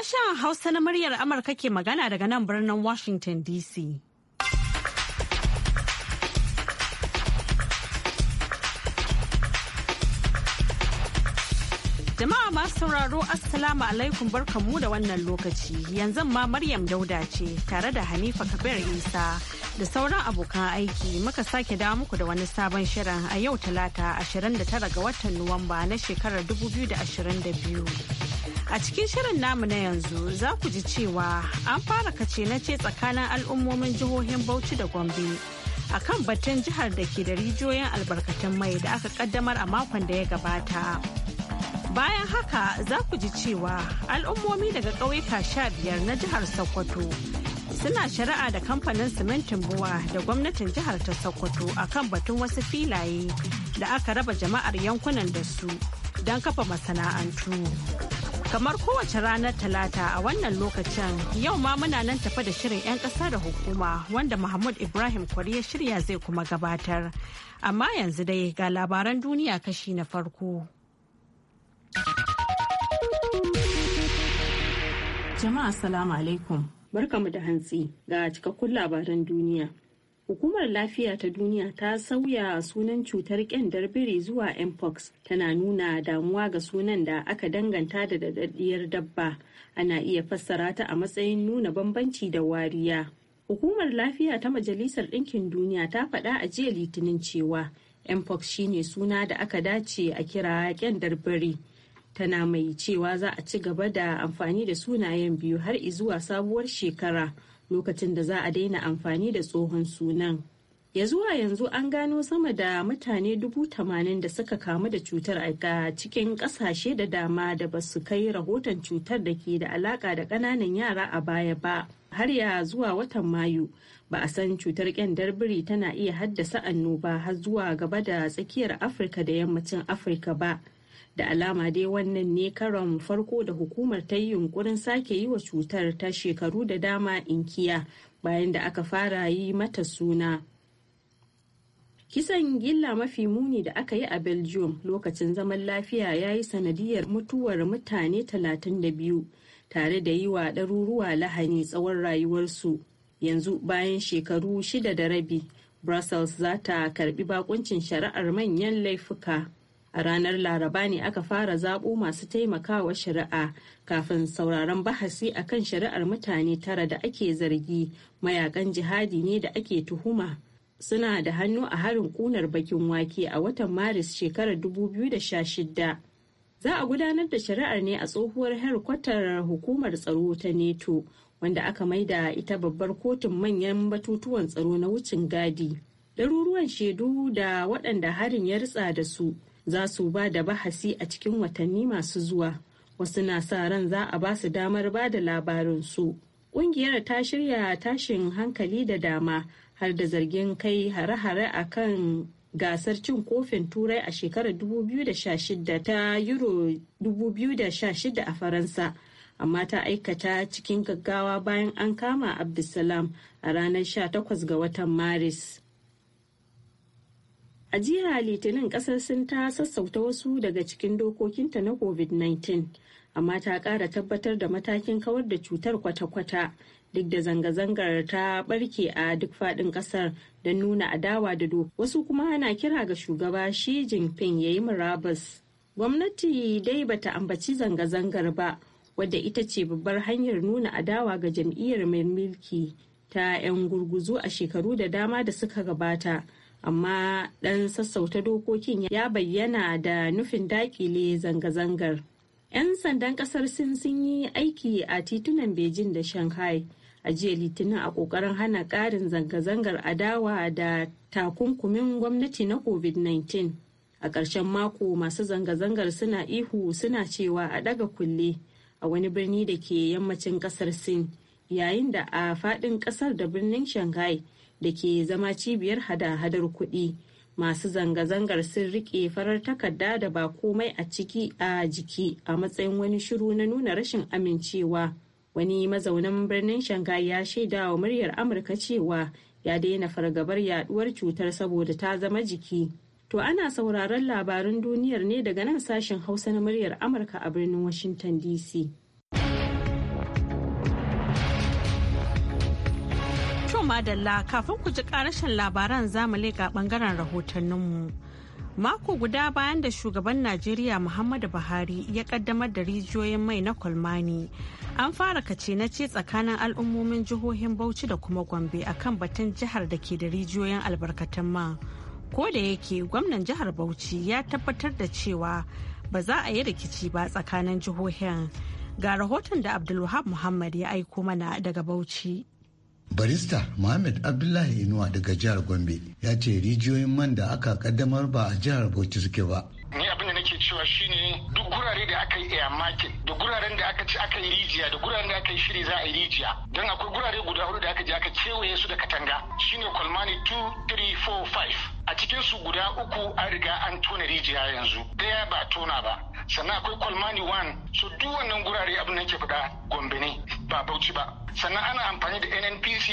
Sashen Hausa na muryar Amurka ke magana daga nan birnin Washington DC. Jama'a masu sauraro Assalamu alaikum barkanmu da wannan lokaci. Yanzu ma Maryam Dauda ce tare da Hanifa Kabir Isa da sauran abokan aiki muka sake dawo muku da wani sabon shirin a yau talata 29 ga watan Nuwamba na shekarar 2022. A cikin shirin namu na yanzu za ku ji cewa an fara kace na ce tsakanin al'ummomin jihohin Bauchi da Gombe a kan batun jihar da ke da rijiyoyin albarkatun mai da aka kaddamar a makon da ya gabata. Bayan haka za ku ji cewa al'ummomi daga ƙauyuka sha biyar na jihar Sokoto suna shari'a da kamfanin simintin buwa da gwamnatin jihar ta Sokoto a kan batun wasu filaye da aka raba jama'ar yankunan da su don kafa masana'antu. kamar kowace ranar talata a wannan lokacin yau ma muna nan tafa da shirin 'yan ƙasa da hukuma wanda mahmud ibrahim kwari ya shirya zai kuma gabatar amma yanzu dai ga labaran duniya kashi na farko jama'a salamu alaikum barkamu da hantsi ga cikakkun labaran duniya Hukumar Lafiya ta Duniya ta sauya sunan cutar ƙyandar biri zuwa mpox tana nuna damuwa ga sunan da aka danganta da daɗaɗɗiyar dabba. Ana iya fassara ta a matsayin nuna bambanci da wariya. Hukumar Lafiya ta Majalisar Ɗinkin Duniya ta faɗa a jiya Litinin cewa mpox shine suna da aka dace a kira kyandar biri. Tana mai cewa za a ci gaba da amfani da sunayen biyu har izuwa sabuwar shekara. lokacin da za a daina amfani da tsohon sunan. Ya zuwa yanzu an gano sama da mutane dubu tamanin da suka kamu da cutar a cikin ƙasashe da dama da ba su kai rahoton cutar da ke da alaƙa da ƙananan yara a baya ba. Har ya zuwa watan Mayu ba a san cutar ƙyandar biri tana iya haddasa annoba har zuwa gaba da tsakiyar Afirka da yammacin Afirka ba. da alama dai wannan ne karon farko da hukumar ta yi yunkurin sake yi wa cutar ta shekaru da dama inkiya bayan da aka fara yi mata suna kisan gilla mafi muni da aka yi a belgium lokacin zaman lafiya ya yi sanadiyar mutuwar mutane 32 tare da yi wa ɗaruruwa lahani tsawon rayuwarsu yanzu bayan shekaru shida da rabi brussels za ta karbi bakuncin shari'ar manyan laifuka A ranar Laraba ne aka fara zaɓo masu taimakawa shari'a kafin sauraron bahasi a kan shari'ar mutane tara da ake zargi mayakan jihadi ne da ake tuhuma. Suna da hannu a harin kunar bakin wake a watan Maris shekarar 2016. Za a gudanar da shari'ar ne a tsohuwar herkwatar hukumar tsaro ta neto wanda aka maida ita babbar kotun manyan batutuwan tsaro na wucin gadi. Daruruwan shaidu da waɗanda harin ya ritsa da su za su ba da bahasi a cikin watanni masu zuwa wasu na sa ran za a ba su damar ba da labarinsu ƙungiyar ta shirya tashin hankali da dama har da zargin kai hare-hare a kan gasar cin kofin turai a shekarar 2016 ta euro 2016 a faransa amma ta aikata cikin gaggawa bayan an kama abdulsalam a ranar 18 ga watan maris A jiya Litinin kasar sun ta sassauta wasu daga cikin dokokinta na COVID-19, amma ta ƙara tabbatar da matakin kawar da cutar kwata-kwata duk da zanga-zangar ta barke a duk faɗin ƙasar don nuna adawa da doka. Wasu kuma ana kira ga shugaba Xi Jinping ya yi murabus. Gwamnati dai bata ambaci zanga-zangar ba, wadda ita ce babbar hanyar nuna adawa ga jam'iyyar mai mulki ta 'yan gurguzu a shekaru da dama da suka gabata. amma ɗan sassauta dokokin ya bayyana da nufin dakile zanga-zangar. 'Yan sandan ƙasar Sin sun yi aiki a titunan Beijing da Shanghai a jiya Litinin a ƙoƙarin hana ƙarin zanga-zangar adawa da takunkumin gwamnati na COVID-19. A ƙarshen mako masu zanga-zangar suna ihu suna cewa a ɗaga kulle a wani birni da ke yammacin ƙasar Sin, yayin da a faɗin ƙasar da birnin Shanghai da ke zama cibiyar hada-hadar kuɗi masu zanga-zangar sun rike farar takarda da ba komai a ciki a jiki a matsayin wani shiru na nuna rashin amincewa wani mazaunan birnin shanghai ya shaida wa muryar amurka cewa ya daina fargabar yaduwar cutar saboda ta zama jiki to ana sauraron labarin duniyar ne daga nan sashen hausa na muryar amurka a birnin washington dc madalla kafin ku ji karashin labaran zamu leka bangaren rahotanninmu. Mako guda bayan da shugaban Najeriya Muhammadu Buhari ya kaddamar da rijiyoyin mai na Kolmani, an fara kace na ce tsakanin al'ummomin jihohin Bauchi da kuma Gombe a kan batun jihar da ke da rijiyoyin albarkatun man. Ko da yake gwamnan jihar Bauchi ya tabbatar da cewa ba za a yi rikici ba tsakanin jihohin. Ga rahoton da Abdulwahab Muhammad ya aiko mana daga Bauchi. barista Muhammad Abdullahi Inuwa daga jihar Gombe ya ce rijiyoyin man da aka kaddamar ba a jihar Bauchi suke ba. Ni abin cewa shine duk gurare da aka yi a market da guraren da aka ci aka yi rijiya da guraren da aka yi shiri za a yi rijiya don akwai gurare guda hudu da aka je aka kewaye su da katanga shine kwalmani 2 3 4 a cikin su guda uku an riga an tona rijiya yanzu daya ba tona ba sannan akwai kwalmani 1 so duk wannan gurare abin da ke fada gombe ne ba bauchi ba sannan ana amfani da nnpc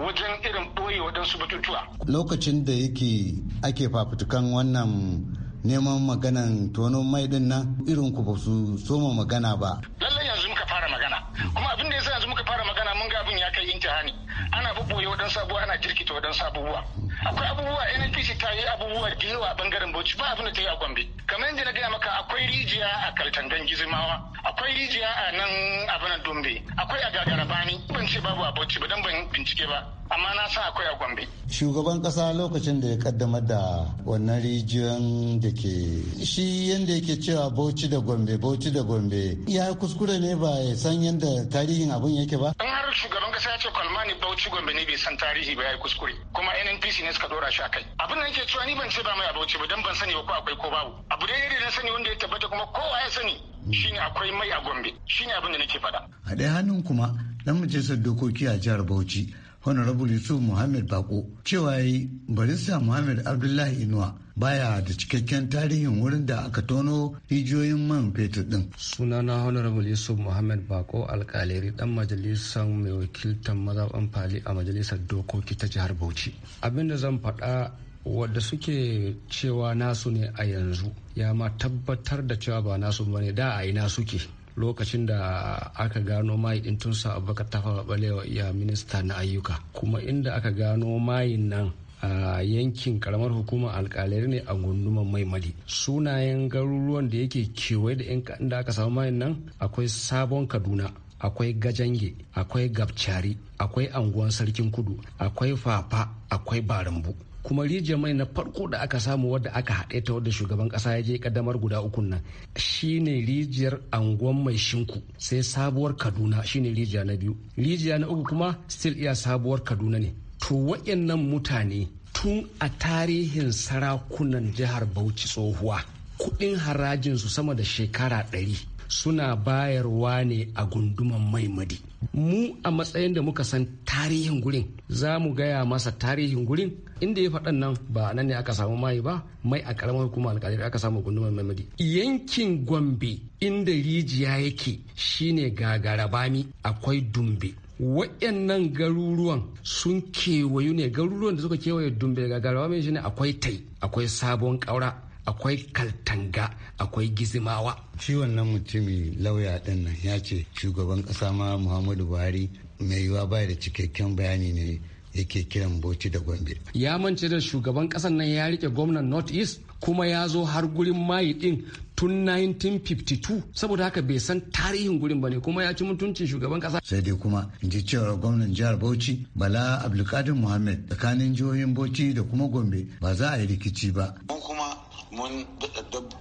wajen irin ɓoye waɗansu batutuwa lokacin da yake ake fafutukan wannan neman maganan tono mai din nan irin ku ba su soma magana ba lallai yanzu muka fara magana kuma abin da yasa yanzu muka fara magana mun ga abin ya kai intihani ana bubboye wadan sabuwa ana jirkita wadan abubuwa akwai abubuwa nnpc ta yi abubuwa da yawa a bangaren bauchi ba abin da ta yi a gombe kamar yadda na gaya maka akwai rijiya a kaltangan gizimawa akwai rijiya a nan abinan dombe akwai a gagarabani ban ce babu a bauchi ba don ban bincike ba amma na san akwai a gombe shugaban kasa lokacin da ya kaddamar da wannan rijiyan da ke shi yadda yake cewa bauchi da gombe bauchi da gombe ya kuskure ne ba ya san yadda tarihin abin yake ba in har shugaban kasa ya ce ne bauchi gombe ne bai san tarihi ba ya yi kuskure kuma nnpc ne suka dora shi a kai abin da yake cewa ni ban ce ba mai a bauchi ba don ban sani ba ko akwai ko babu abu daidai da na sani wanda ya tabbata kuma kowa ya sani shine akwai mai a gombe shine abin da nake faɗa a ɗaya hannun kuma ɗan majalisar dokoki a jihar bauchi honorable yusuf muhammad bako cewa yi barista muhammad abdullahi inuwa baya da cikakken tarihin wurin da aka tono rijiyoyin man fetur din. sunana honorable yusuf muhammad bako alkaleri dan majalisar mai wakiltar mazaɓan fali a majalisar dokoki ta jihar bauchi abinda zan faɗa wadda suke cewa nasu ne a yanzu ya ma tabbatar da cewa ba nasu ba ne da a ina suke lokacin da aka gano mai din tun abubakar tafa balewa ya minista na ayyuka kuma inda aka gano mayin nan a yankin karamar hukumar alkalai ne a gunduman maimali sunayen garuruwan da yake kewaye da inda aka samu mayin nan akwai sabon kaduna akwai gajange akwai gabcari akwai anguwan sarkin kudu akwai fafa akwai barambu kuma rijiyar mai na farko da aka samu wadda aka haɗe ta wadda shugaban ƙasa ya je kaddamar guda uku nan shine rijiyar angon mai shinku sai sabuwar kaduna shine rijiya na biyu rijiya na uku kuma still iya sabuwar kaduna ne to wayannan mutane tun a tarihin sarakunan jihar bauchi tsohuwa kuɗin harajinsu sama da shekara ɗari suna bayarwa ne a gunduman maimadi mu a matsayin da muka san tarihin gurin za mu gaya masa tarihin gurin inda ya faɗan nan ba nan ne aka samu mai ba mai a ƙaramar hukumar alƙalai aka samu gunduman maimadi yankin gombe inda rijiya yake shine gagarabami akwai dumbe wayannan garuruwan sun kewayu ne garuruwan da suka kewaye dumbe gagarabami shine akwai tai akwai sabon ƙaura akwai kaltanga akwai gizimawa shi wannan mutumi lauya din nan ya ce shugaban kasa ma muhammadu buhari mai yiwa ba da cikakken bayani ne yake kiran bauchi da gombe ya mance da shugaban kasan nan ya rike gwamnan north east kuma ya zo har gurin mayi din tun 1952 saboda haka bai san tarihin gurin ba ne kuma ya ci mutuncin shugaban kasa sai dai kuma in ji cewa gwamnan jihar bauchi bala abdulkadir muhammad tsakanin jihohin bauchi da kuma gombe ba za a yi rikici ba kuma mun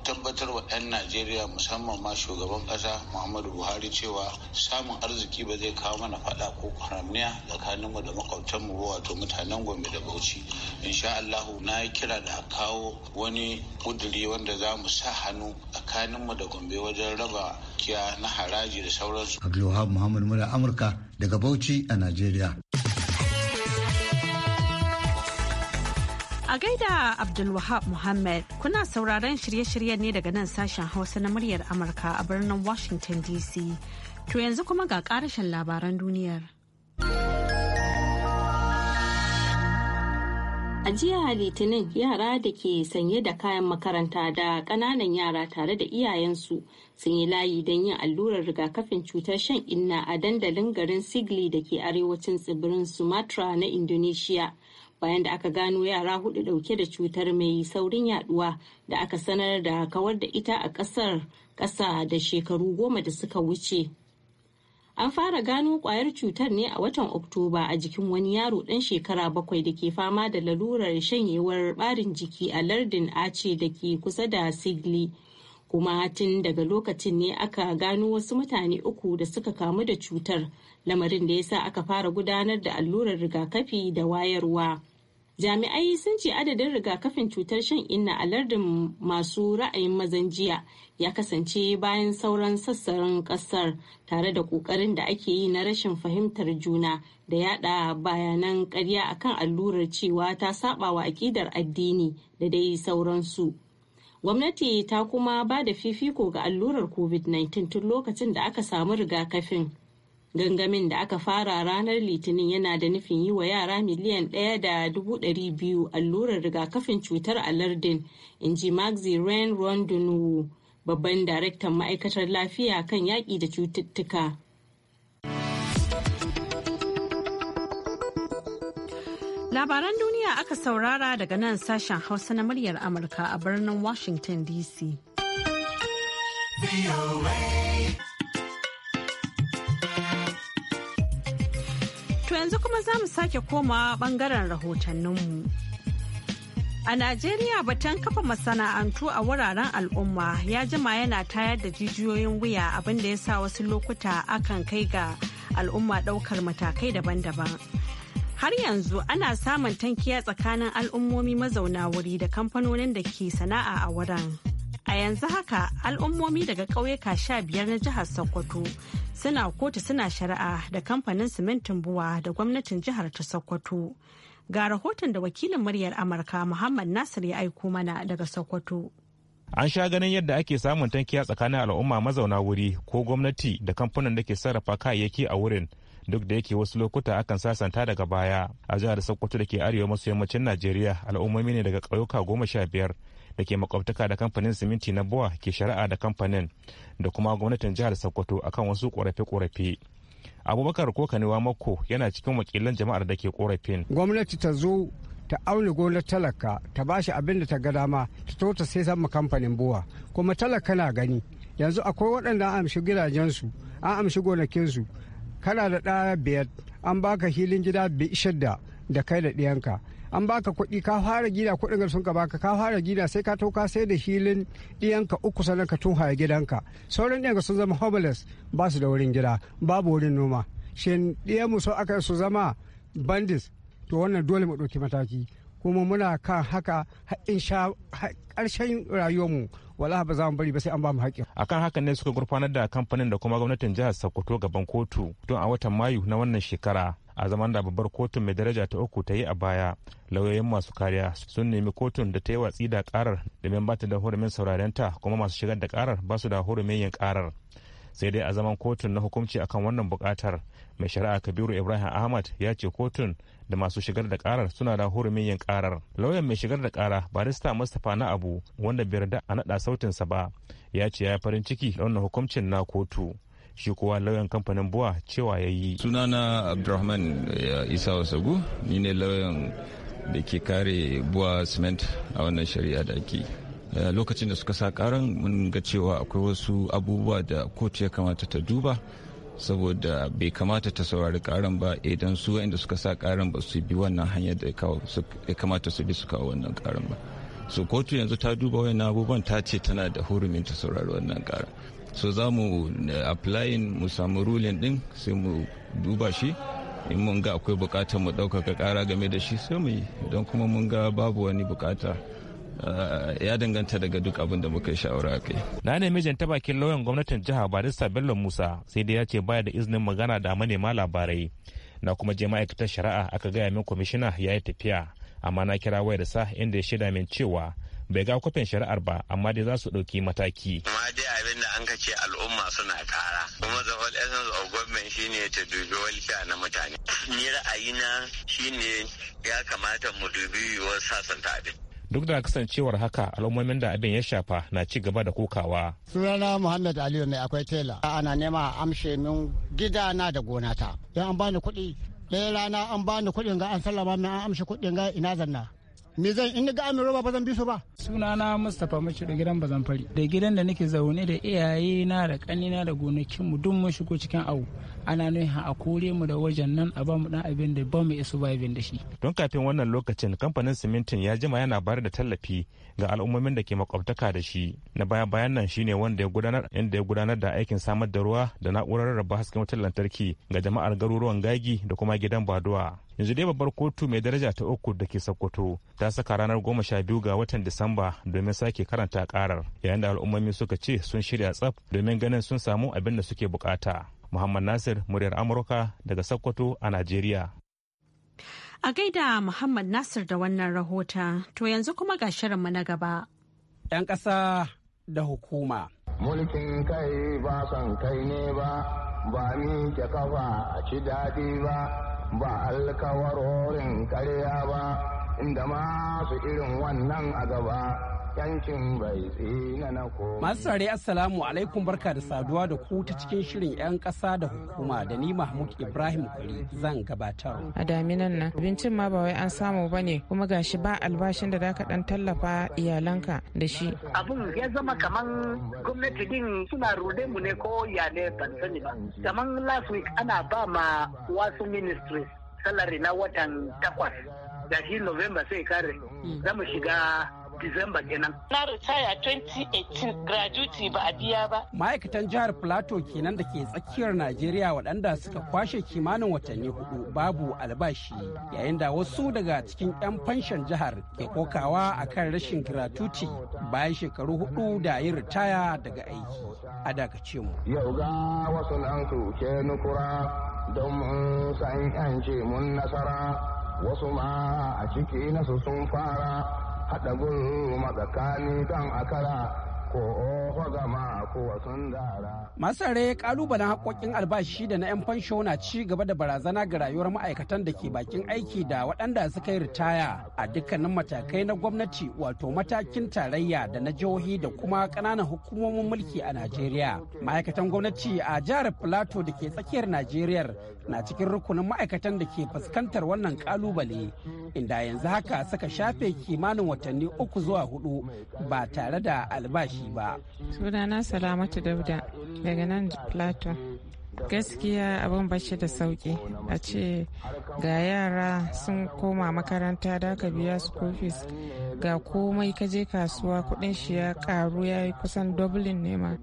tabbatar wa 'yan najeriya musamman ma shugaban kasa muhammadu buhari cewa samun arziki ba zai kawo mana fada ko haramniya tsakaninmu da makwabtanmu ba wato mutanen gombe da bauchi insha allahu na yi kira da kawo wani kuduri wanda za mu sa hannu tsakaninmu da gombe wajen raba kiya na haraji da sauransu abdulwahab muhammad mura amurka daga bauchi a najeriya A gaida Abdulwahab Muhammad kuna sauraron shirye-shiryen ne daga nan sashen Hausa na muryar Amurka a birnin Washington DC. To yanzu kuma ga karashin labaran duniyar. A jiya Litinin yara da ke sanye da kayan makaranta da ƙananan yara tare da iyayensu sun yi layi don yin allurar rigakafin cutar shan inna a dandalin garin Sigli da ke arewacin tsibirin Sumatra na Indonesia. bayan da aka gano yara hudu dauke da cutar mai saurin yaduwa da aka sanar da kawar da ita a kasar kasa da shekaru goma da suka wuce an fara gano kwayar cutar ne a watan oktoba a jikin wani yaro dan shekara bakwai da ke fama da lalurar shanyewar barin jiki a lardin ace da ke kusa da sigli kuma tun daga lokacin ne aka gano wasu mutane uku da suka kamu da cutar lamarin da ya sa aka fara gudanar da allurar rigakafi da wayarwa. Jami'ai sun ce adadin rigakafin cutar shan inna a lardin masu ra'ayin mazan jiya ya kasance bayan sauran sassan kasar tare da kokarin da ake yi na rashin fahimtar juna da yada bayanan karya akan allurar cewa ta saba wa akidar addini da dai sauransu. Gwamnati ta kuma ba da fifiko ga allurar COVID-19 tun lokacin da aka samu rigakafin. Gangamin da aka fara ranar Litinin yana da nufin yi wa yara miliyan ɗaya da dubu ɗari biyu allurar rigakafin cutar a lardin, in ji Maxi Ren Rondonu, babban daraktan ma'aikatar lafiya kan yaƙi da cututtuka. Labaran duniya aka saurara daga nan sashen Hausa na muryar Amurka a birnin Washington DC. To yanzu kuma za mu sake koma bangaren rahotanninmu. A Najeriya batun kafa masana'antu a wuraren al'umma ya jima yana tayar da jijiyoyin wuya abinda ya sa wasu lokuta akan kai ga al'umma ɗaukar matakai daban-daban. Har yanzu ana samun tankiya tsakanin al'ummomi mazauna wuri da kamfanonin da ke sana'a a wurin. A yanzu haka al'ummomi daga ƙauyuka sha biyar na jihar Sokoto suna kotu suna shari'a da kamfanin simintin buwa da gwamnatin jihar ta sokoto ga rahoton da wakilin muryar amurka muhammad nasir ya aiko mana daga sokoto an sha ganin yadda ake samun tankiya tsakanin al'umma mazauna wuri ko gwamnati da kamfanin da ke sarrafa kayayyaki a wurin duk da yake wasu lokuta akan sasanta daga baya a jihar sokoto da ke arewa maso yammacin najeriya al'ummomi ne daga ƙauyuka goma sha biyar da ke makwabtaka da kamfanin siminti na boa ke shari'a da kamfanin da kuma gwamnatin jihar sokoto akan wasu korafe-korafe abubakar ko kanewa mako yana cikin wakilan jama'ar da ke korafin gwamnati ta zo ta auna gonar talaka ta bashi abin da ta ga dama ta to ta sai mu kamfanin buwa kuma talaka na gani yanzu akwai waɗanda an amshi su an amshi gonakin su kana da ɗaya biyar an baka hilin gida shidda da kai da ɗiyanka an baka kuɗi ka fara gida kuɗin sun ka baka ka fara gida sai ka to ka sai da hilin ɗiyanka uku sannan ka tuhaya gidanka sauran ɗiyanka sun zama homeless ba su da wurin gida babu wurin noma shin mu so aka su zama bandits to wannan dole mu ɗauki mataki kuma muna kan haka in sha ƙarshen rayuwarmu wala ba za mu bari ba sai an ba mu haƙƙi. akan hakan ne suka gurfanar da kamfanin da kuma gwamnatin jihar sokoto gaban kotu don a watan mayu na wannan shekara a zaman da babbar kotun mai daraja ta uku ta yi a baya lauyoyin masu kariya sun nemi kotun da ta yi watsi da karar domin ba ta da hurumin sauraren ta kuma masu shigar da karar ba su da hurumin yin karar sai dai a zaman kotun na hukumci akan wannan bukatar mai shari'a kabiru ibrahim ahmad ya ce kotun da masu shigar da karar suna da hurumin yin karar lauyan mai shigar da kara barista mustapha na abu wanda bai yarda a naɗa sautinsa ba ya ce ya farin ciki da wannan hukuncin na kotu shi kuwa lauyan kamfanin buwa cewa ya yi sunana abdulrahman eh, isa wasagu ni ne lauyan da ke kare buwa cement a wannan shari'a da ake eh, lokacin da suka sa karan mun ga cewa akwai wasu abubuwa da kotu ya kamata ta duba saboda bai kamata ta saurari karan ba idan eh, su wa'inda suka sa karan ba su bi wannan hanyar da ya kamata su bi su kawo wannan karan ba so kotu yanzu ta duba wani abubuwan ta ce tana da hurumin ta saurari wannan karan so za mu eh, applyin mu samu rulin din sai mu duba shi in mun ga akwai bukatar mu ɗaukaka ƙara game da shi sai mu yi don kuma mun ga babu wani bukata eh, ya danganta daga duk abin da muka shawara a kai. Na nemi mijin ta bakin lauyan gwamnatin jiha Barista Bello Musa sai dai ya ce baya da izinin magana da manema labarai. Na kuma je ma'aikatar shari'a aka gaya min kwamishina ya yi tafiya amma na kira wayar sa inda ya shaida min cewa bai ga kwafin shari'ar ba amma dai za su ɗauki mataki. Amma dai abin an ka ce al'umma suna kara kuma the whole essence of government shine ta dubi walfiya na mutane ni ra'ayina shine ya kamata mu dubi yiwuwar sasanta abin duk da kasancewar haka al'ummomin da abin ya shafa na ci gaba da kokawa. sunana muhammad aliyu ne akwai tela ana nema amshe min gidana da gonata yan an bani kuɗi ɗaya rana an bani kuɗin ga an sallama min an amshe kuɗin ga ina zanna me zan in ga amin roba ba zan bi su ba sunana mustapha mace da gidan bazan fari da gidan da nake zaune da iyaye na da kanina da gonakin mu duk mun shigo cikin awu ana nuna a kore mu da wajen nan a ba mu dan abin da ba mu isu ba da shi don kafin wannan lokacin kamfanin simintin ya jima yana bayar da tallafi ga al'ummomin da ke makwabtaka da shi na baya bayan nan shine wanda ya gudanar inda ya gudanar da aikin samar da ruwa da na'urar rarraba hasken wutar lantarki ga jama'ar garuruwan gagi da kuma gidan baduwa yanzu dai babbar kotu mai daraja ta uku da ke sokoto ta saka ranar goma sha biyu ga watan disamba domin sake karanta karar yayin da al'ummomi suka ce sun shirya tsaf domin ganin sun samu abin da suke bukata muhammad nasir muryar amurka daga sokoto a najeriya a gaida muhammad nasir da wannan rahota to yanzu kuma ga shirinmu na gaba 'yan kasa da hukuma mulkin kai ba son kai ne ba ba ni ke kafa a ci daɗi ba ba alkawarorin karya ba inda masu irin wannan a gaba yankin bai tsina na ko. Masu sare assalamu alaikum barka da saduwa da ku ta cikin shirin 'yan ƙasa da hukuma da ni Mahmud Ibrahim Kwari zan gabatar. A daminan nan abincin ma ba wai an samu ba ne kuma gashi ba albashin da zaka dan tallafa iyalanka da shi. Abun ya zama kaman gwamnati din suna rude mu ne ko ya ne ban sani ba. Kaman last week ana ba ma wasu ministries salari na watan takwas da shi November sai kare. Hmm. Za mu shiga Disamba kenan. Na ritaya 2018 gratuity ba a biya ba. Ma'aikatan jihar Plateau kenan da ke tsakiyar Najeriya waɗanda suka kwashe kimanin watanni hudu babu albashi yayin da wasu daga cikin 'yan fanshan jihar ke kokawa akan rashin gratuity bayan shekaru hudu da yin ritaya daga aiki. A dakace mu. Yau ga wasu ke nukura don mun nasara wasu ma a ciki nasu sun fara haɗa gulu matsakani don akara Masare kalubalen haƙoƙin albashi da na 'yan fansho na ci gaba da barazana ga rayuwar ma'aikatan da ke bakin aiki da waɗanda suka yi ritaya a dukkanin matakai na gwamnati wato matakin tarayya da na jihohi da kuma ƙananan hukumomin mulki a Najeriya. Ma'aikatan gwamnati a jihar filato da ke tsakiyar Najeriya na cikin rukunin ma'aikatan da ke fuskantar wannan kalubale inda yanzu haka suka shafe kimanin watanni uku zuwa hudu ba tare da albashi aiki ba. Sunana Salamatu Dauda daga nan Plato. Gaskiya abin bashi da sauki a ce ga yara sun koma makaranta da aka biya su fees ga komai ka je kasuwa kudin shi ya karu ya yi kusan dublin nema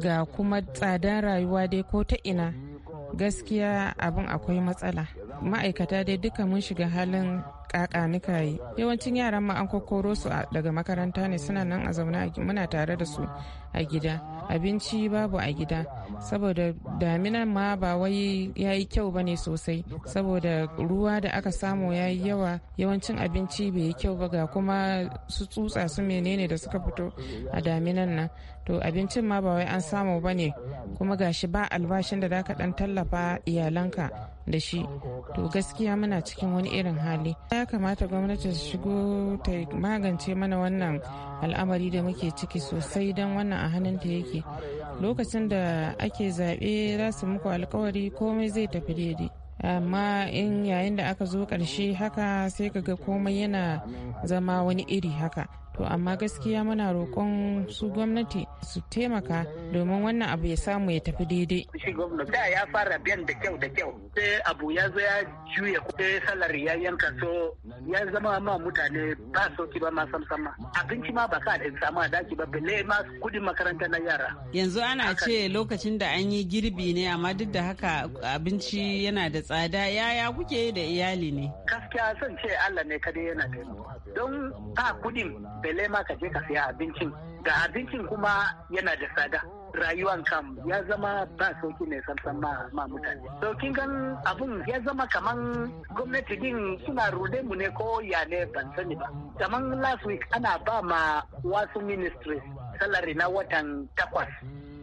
ga kuma tsadar rayuwa dai ko ta ina gaskiya abin akwai matsala ma'aikata dai duka mun shiga halin kakanika yi yawancin yaran ma an kokoro su daga makaranta ne suna nan a zaune muna tare da su a gida abinci babu a gida saboda daminan ma ba wai ya yi kyau ba ne sosai saboda ruwa da aka samu ya yi yawa yawancin abinci bai yi kyau ba ga kuma su tsutsa su menene da suka fito a daminan nan to abincin ma ba wai an samu ba ne kuma gashi ba albashin da zaka dan tallafa iyalanka da shi to gaskiya muna cikin wani irin hali ya kamata gwamnati su shigo ta magance mana wannan al'amari da muke ciki sosai don wannan a hannunta yake lokacin da ake zaɓe za su muku alkawari komai zai tafi daidai amma in yayin da aka zo ƙarshe haka sai ka ga komai yana zama wani iri haka to amma gaskiya muna roƙon su gwamnati su taimaka domin wannan abu ya samu ya tafi daidai shi da ya fara biyan da kyau da kyau sai abu ya zo ya juya sai salari ya yanka so ya zama ma mutane ba ki ba ma sama. abinci ma ba ka da samu a daki ba bale ma kudin makaranta na yara yanzu ana ce lokacin da an yi girbi ne amma duk da haka abinci yana da tsada yaya kuke da iyali ne gaskiya son ce Allah ne kada yana taimako don ba kudin bele ma ka je ka siya abincin ga abincin kuma yana da tsada rayuwan kam ya zama ba sauki ne sansan ma, mutane. sauƙin kan abun ya zama kaman gwamnati din suna rude mu ne ko ya ne ban sani ba. Kaman last week ana ba ma wasu ministries salari na watan takwas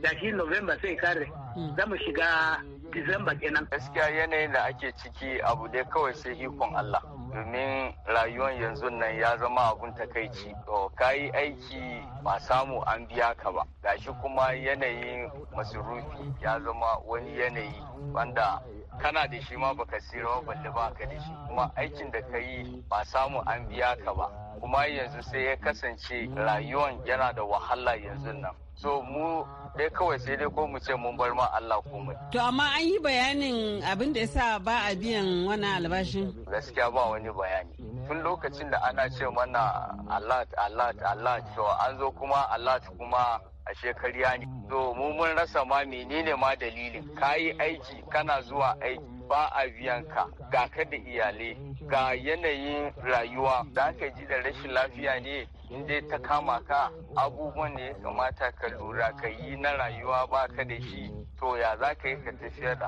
da shi November sai kare. Za mu shiga december kenan. Gaskiya yanayin da ake ciki abu dai kawai sai ikon Allah. domin rayuwar yanzu nan ya zama abun takaici to kayi aiki ba samu an biya ka ba gashi kuma yanayin masurufi ya zama wani yanayi wanda kana da shi ma baka sirawa balle ba ka da shi kuma aikin da kayi ba samu an biya ka ba kuma yanzu sai ya kasance rayuwan yana da wahala yanzu nan so mu dai kawai sai dai ko mu ce mun bar ma Allah komai. To amma an yi bayanin abin da yasa ba a biyan wannan albashin? Gaskiya ba wani bayani. Tun lokacin da ana ce mana Allah Allah Allah to an zo kuma Allah kuma a shekarya ne. To mu mun rasa ma menene ma dalilin kayi aiki kana zuwa aiki ba a biyan ka ga ka da iyalai ga yanayin rayuwa da aka ji da rashin lafiya ne inda ta kama ka abubuwan ne ya kamata ka lura ka yi na rayuwa ba ka da shi to ya za ka yi ka tafiya da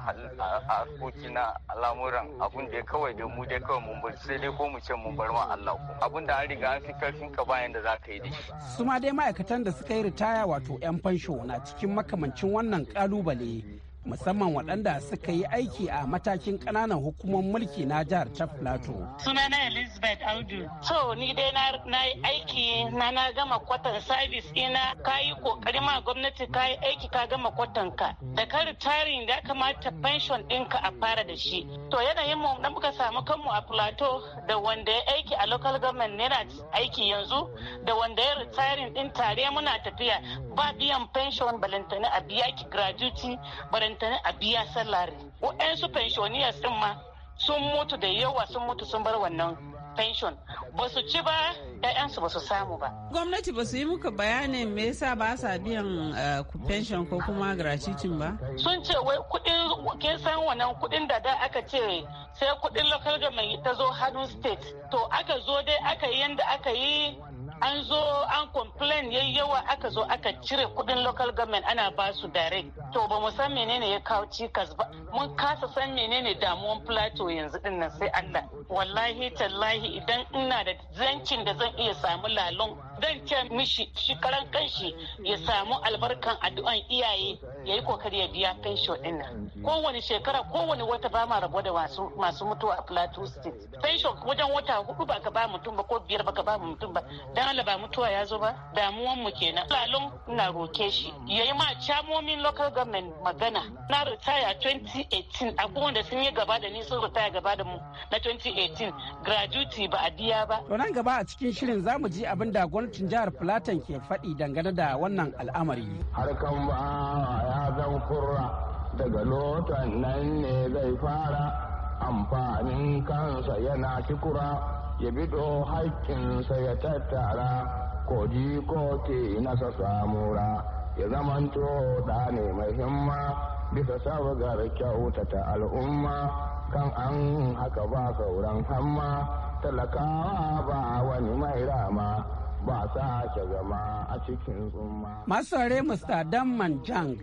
harkoki na al'amuran abun da kawai da mu dai kawai mun bar sai dai ko mu ce mun bar ma Allah ku abun da an riga an fi karfin ka bayan da za ka yi da shi. su ma dai ma'aikatan da suka yi ritaya wato 'yan fansho na cikin makamancin wannan kalubale musamman waɗanda suka yi aiki a matakin ƙananan hukumar mulki na jihar ta plateau. sunana elizabeth audu so ni dai na yi aiki na na gama kwatan sabis ina ka yi kokari ma gwamnati ka yi aiki ka gama kwatan ka da ka ritarin da kamata pension ɗinka a fara da shi to yanayin mu da muka samu kanmu a plateau da wanda ya aiki a local government yana aiki yanzu da wanda ya ritarin ɗin tare muna tafiya ba biyan pension balantana a biya ki gratuity ballantana a biya salari waɗansu pensioners din ma sun mutu da yawa sun mutu sun bar wannan pension ba su ci ba ‘ya'yansu ba su samu ba. Gwamnati ba su yi muka bayanin me yasa ba sa biyan eh, pension ko kuma gratuitin ba? Sun ce wai kuɗin kin san wannan kuɗin da da aka ce sai kuɗin local government ta zo hannun state to aka zo dai aka yi yanda aka yi an zo an complain yayi yawa aka zo aka cire kudin local government ana ba su direct to ba mu san menene ya kawo cikas ba mun kasa san menene damuwan plateau yanzu din nan sai Allah wallahi tallahi idan ina da zancin da zan iya samu lalon zan ce mishi shi karan kanshi ya samu albarkan addu'an iyaye ya yi kokari ya biya pension din nan kowane shekara kowane wata ba ma rabo da masu mutuwa a plateau state pension wajen wata hudu ba ka ba mutum ba ko biyar ba ka ba mutum ba dan Allah ba mutuwa ya zo ba damuwan mu kenan lalun na roke shi yayi ma chamomin local government magana na ritaya 2018 akwai wanda sun yi gaba da ni sun ritaya gaba da mu na 2018 gratuity ba a biya ba to nan gaba a cikin shirin zamu ji abin da gwamnatin jihar Filatan ke faɗi dangane da wannan al'amari. Harkan ba ya zan kurra daga lotan nan ne zai fara amfanin kansa yana kikura ya bido haƙƙinsa ya tattara ko ko ke nasa samura ya zamanto da ne mai himma bisa kyauta kyautata al'umma kan an haka ba sauran hamma talakawa ba wani mai rama ba ake zama a cikin tsumma. Masu sare Mr. Dan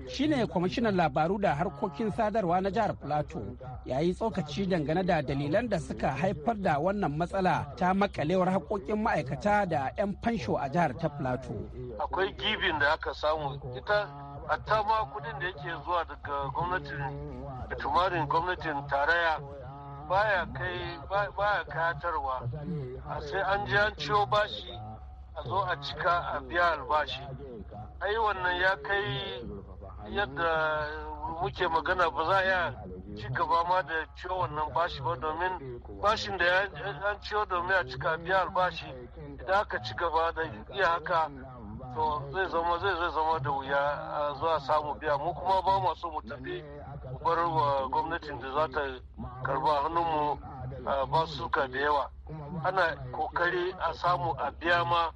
shi ne kwamishinan labaru da harkokin sadarwa na jihar Plateau ya yi tsokaci dangane da dalilan da suka haifar da wannan matsala ta makalewar haƙoƙin ma'aikata da 'yan fansho a jihar ta Plateau. Akwai gibin da aka samu ita ta ma kudin da yake zuwa daga gwamnatin tumarin gwamnatin tarayya baya kai baya kayatarwa sai an ji an ciwo bashi a zo a cika a biya albashi ai wannan ya kai yadda muke magana ba za a ci gaba ma da ciwo wannan bashi ba domin bashin da an ciwo domin a cika biya albashi idan aka ci gaba da iya haka to zai zama zai zai zama da wuya a zo a samu biya mu kuma ba so mu tafi bar wa gwamnatin da za ta karba hannunmu ba su da yawa ana kokari a samu a biya ma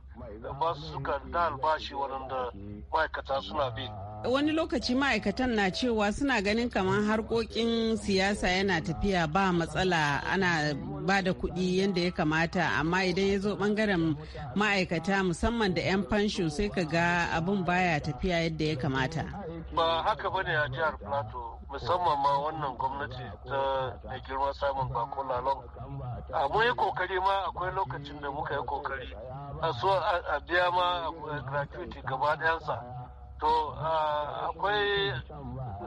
ba su da albashi waɗanda ma'aikata suna bi. Wani lokaci ma'aikatan na cewa suna ganin kamar harkokin siyasa yana tafiya ba matsala ana ba da kuɗi yadda ya kamata amma idan ya zo ɓangaren ma'aikata musamman da 'yan fansho sai ka ga abin baya tafiya yadda ya kamata. Ba haka bane a jihar Plateau musamman ma wannan gwamnati ta mai girma samun bako lalon. Mun yi kokari ma akwai lokacin da muka yi kokari a so a biya ma eh, gratuity gaba ɗayansa to akwai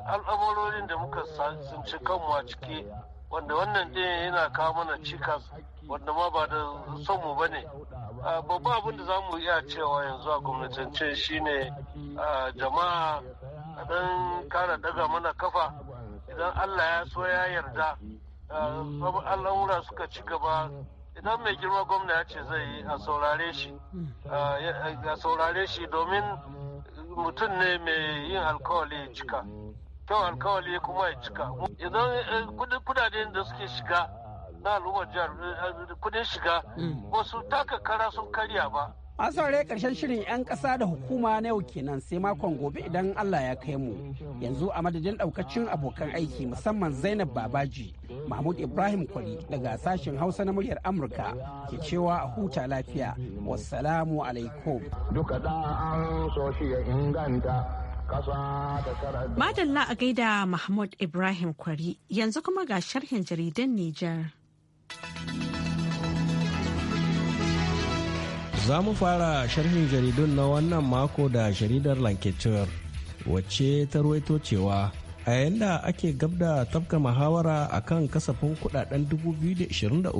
al'amurorin da muka tsinci kanmu a ciki wanda wannan ɗin yana kawo mana cikas wanda ma ba da son mu bane babban abin da za mu iya cewa yanzu a gwamnatance shine jama'a a ɗan kara daga mana kafa idan allah ya so ya yarda al'amura suka ci gaba idan mai girma gwamna ya ce zai hmm. ah, a saurare shi domin mutum ne mai yin alkawali ya cika kyau alkawali kuma ya cika idan eh, kudaden da suke shiga na al'ummar jihar eh, eh, kudin shiga hmm. ba taka kara sun karya ba An karshen shirin 'yan ƙasa da hukuma na yau kenan sai makon gobe idan Allah ya kai mu. Yanzu a madadin daukacin abokan aiki musamman Zainab Babaji, Mahmud Ibrahim Kwari daga sashen Hausa na muryar Amurka ke cewa a huta lafiya. Wassalamu alaikum. Duka an so shi ya inganta Madalla a gaida Mahmud Ibrahim Kwari yanzu kuma ga sharhin jaridan Nijar. Za mu fara sharhin jaridun na wannan mako da jaridar Lanketur, wacce ta ruwaito cewa a yayin da ake gab da tafka muhawara a kan kasafin kudaden 2023,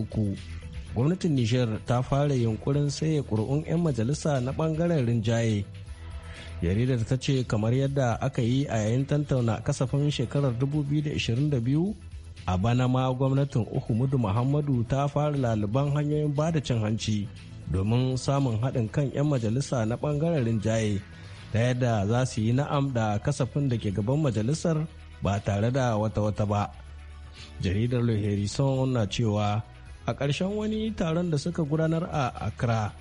gwamnatin Niger ta fara yunkurin saye ƙuri'un 'yan majalisa na ɓangaren rinjaye. Jaridar ta ce kamar yadda aka yi a yayin tantauna kasafin shekarar 2022 a bana ma gwamnatin Mudu Muhammadu ta fara laliban hanyoyin bada cin hanci. domin samun haɗin kan 'yan majalisa na ɓangaren rinjaye ta yadda za su yi na'am da kasafin da ke gaban majalisar ba tare da wata-wata ba jaridar le harrison na cewa a ƙarshen wani taron da suka gudanar a accra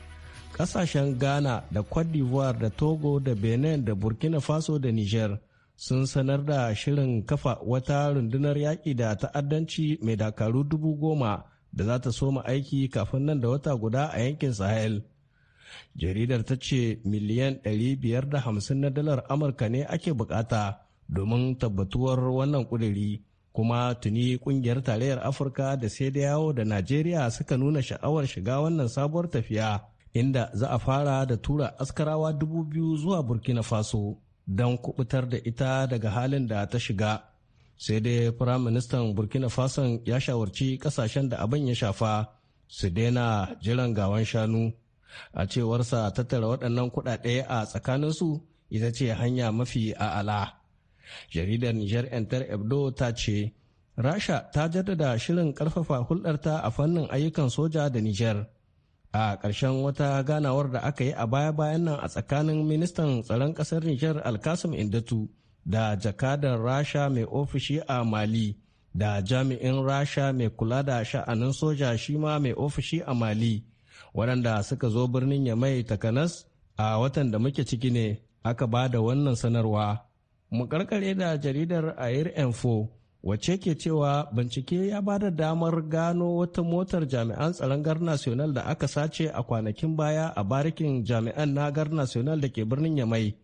ƙasashen ghana da cote d'ivoire da togo da benin da burkina faso da niger sun sanar da shirin kafa wata rundunar yaƙi da ta'addanci mai dakaru dubu goma da za ta soma aiki kafin nan da wata guda a yankin sahel jaridar ta ce miliyan 550 na dalar amurka ne ake bukata domin tabbatuwar wannan kuduri kuma tuni kungiyar tarayyar afirka da sai da yawo da najeriya suka nuna sha'awar shiga wannan sabuwar tafiya inda za a fara da tura askarawa dubu biyu zuwa burkina faso don kubutar da ita daga halin da ta shiga sai dai firaministan burkina faso ya shawarci kasashen da abin ya shafa su daina jiran gawan shanu a cewarsa tattara waɗannan kuɗaɗe a tsakaninsu ita ce hanya mafi a'ala jaridar niger enter ebdo ta ce rasha ta jaddada shirin karfafa hulɗarta a fannin ayyukan soja da niger a ƙarshen wata ganawar da aka yi a baya-bayan nan a tsakanin ministan tsaron ƙasar niger alkasim indatu da jakadar rasha mai ofishi a mali da jami'in rasha mai kula da sha'anin soja shi ma mai ofishi a mali waɗanda suka zo birnin ya mai takanas a watan da muke ciki ne aka ba da wannan sanarwa mu karkare da jaridar air info wace ke cewa bincike ya ba da damar gano wata motar jami'an tsaron gar national da aka sace a kwanakin baya a barikin jami'an na gar national da ke birnin yamai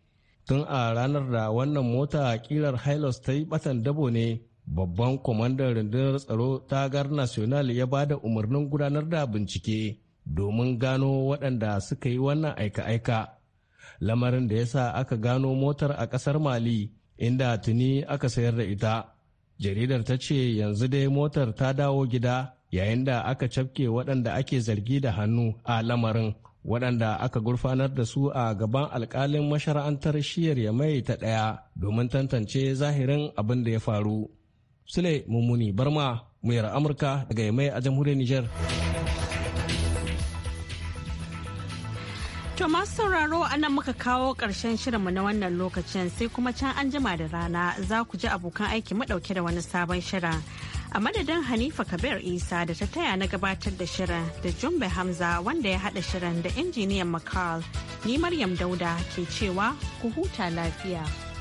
tun a ranar da wannan mota kilar hilos ta yi batan dabo ne babban kwamandan rundunar tsaro ta gar national ya ba da umarnin gudanar da bincike domin gano waɗanda suka yi wannan aika-aika lamarin da ya sa aka gano motar a ƙasar mali inda tuni aka sayar da ita jaridar ta ce yanzu dai motar ta dawo gida yayin da aka cafke waɗanda ake zargi da hannu a lamarin waɗanda aka gurfanar da su a gaban alkalin mashara'antar shiyar ya mai ta ɗaya domin tantance zahirin abin da ya faru. Sule Mummuni Barma, muyar Amurka daga Yamai a jamhuriyar Nijar. To masu sauraro a nan muka kawo ƙarshen shirinmu na wannan lokacin sai kuma can an jima da rana za ku ji abokan aiki madauke da wani sabon shirin. a madadin hanifa kabir isa da ta taya na gabatar da shirin da jumbe hamza wanda ya haɗa shirin da injiniyan mccall ni maryam dauda ke cewa ku huta lafiya